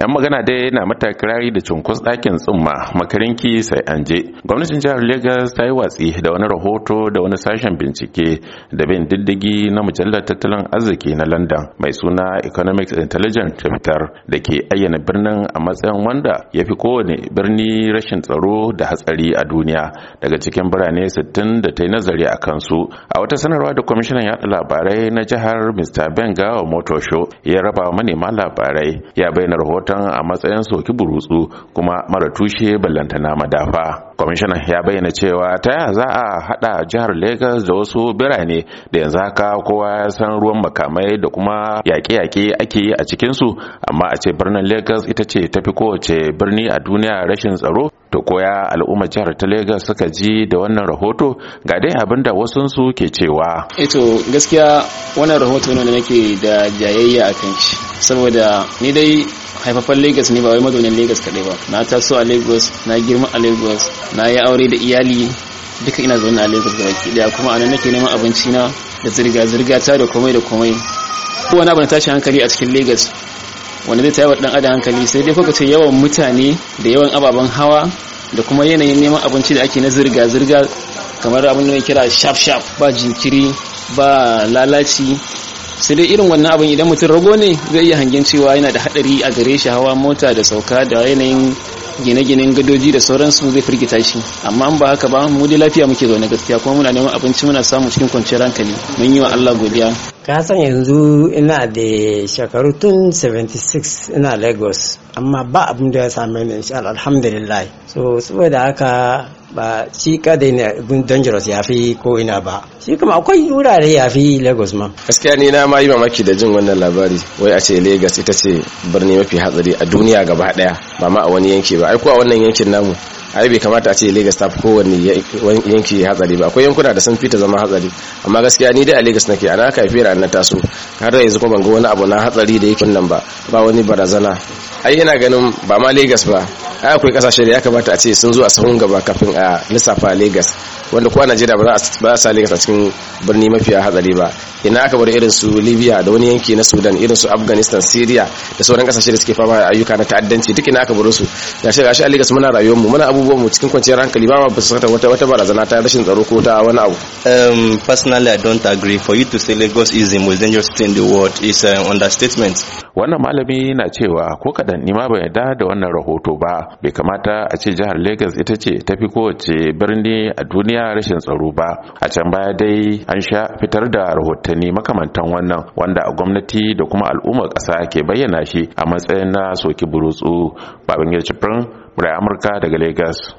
yan magana dai yana mata kirari da cunkus ɗakin tsumma makarinki sai an je gwamnatin jihar lagos ta yi watsi da wani rahoto da wani sashen bincike da bin diddigi na mujallar tattalin arziki na london mai suna economic intelligence ta fitar da ke ayyana birnin a matsayin wanda ya fi kowane birni rashin tsaro da hatsari a duniya daga cikin birane 60 da ta yi nazari a kansu a wata sanarwa da kwamishinan yaɗa labarai na jihar mr benga wa motosho ya raba manema labarai ya bayyana rahoton rahoton a matsayin soki burutsu kuma mara tushe na madafa kwamishinan ya bayyana cewa ta yaya za a hada jihar lagos da wasu birane da yanzu haka kowa ya san ruwan makamai da kuma yaƙe-yaƙe ake yi a cikinsu amma a ce birnin lagos ita ce tafi kowace birni a duniya rashin tsaro to koya al'umma jihar ta lagos suka ji da wannan rahoto ga dai abin da wasunsu ke cewa eto eh gaskiya wannan rahoto ne nake da jayayya a kan shi saboda ni dai haifafan lagos ne ba wai mazaunin lagos kaɗai ba na taso a lagos na girma a lagos na yi aure da iyali duka ina zaune a lagos da baki daya kuma anan nake neman abinci na da zirga zirga ta da komai da komai kowane abu na tashi hankali a cikin lagos wanda zai tayar dan adam hankali sai dai kuka ce yawan mutane da yawan ababen hawa da kuma yanayin neman abinci da ake na zirga zirga kamar abin da mai kira shaf shaf ba jinkiri ba lalaci sai dai irin wannan abin idan mutum rago ne zai iya hangen cewa yana da hadari a gare shi hawa mota da sauka da yanayin gine-ginen gadoji da sauransu zai firgita shi amma ba haka ba mu dai lafiya muke zaune gaskiya kuma muna neman abinci muna samu cikin kwanciyar hankali mun yi wa Allah godiya ka san yanzu ina da shekaru tun 76 ina Lagos amma ba abin da ya same ni insha Allah alhamdulillah so saboda haka ba shi kadai ne dangerous ya fi ko ina ba shi kuma akwai wurare ya fi lagos ma gaskiya ni na ma yi mamaki da jin wannan labari wai a ce lagos ita ce birni mafi hatsari a duniya gaba daya ba ma a wani yanki ba ai ko a wannan yankin namu ai bai kamata a ce Lagos ta fi kowanne yanki hatsari ba akwai yankuna da sun fita zama hatsari amma gaskiya ni dai a Lagos nake ana kaifiyar an na taso har yanzu kuma ban ga wani abu na hatsari da yake nan ba ba wani barazana ai yana ganin ba ma Legas ba ai akwai kasashe da ya kamata a ce sun zo a sahun gaba kafin a lissafa Legas wanda ko a Najeriya ba za a sa Legas a cikin birni a hatsari ba ina aka bar irin su Libya da wani yanki na Sudan irin su Afghanistan Syria da sauran kasashe da suke fama da ayyuka na ta'addanci duk ina aka bar su ga gashi a Legas muna rayuwar mu muna abubuwan mu cikin kwanciyar hankali ba ma ba su wata wata barazana ta rashin tsaro ko ta wani abu um personally I don't agree for you to say Lagos is the most dangerous city in the world is an uh, understatement wannan malami na cewa ko kada ni ma ban yarda da wannan rahoto ba bai kamata a ce jihar Legas ita ce tafi kowace birni a duniya rashin tsaro ba a can baya dai an sha fitar da rahotanni makamantan wannan wanda a gwamnati da kuma al'ummar ƙasa ke bayyana shi a matsayin na soki burutsu babangir cifrin murai amurka daga Legas.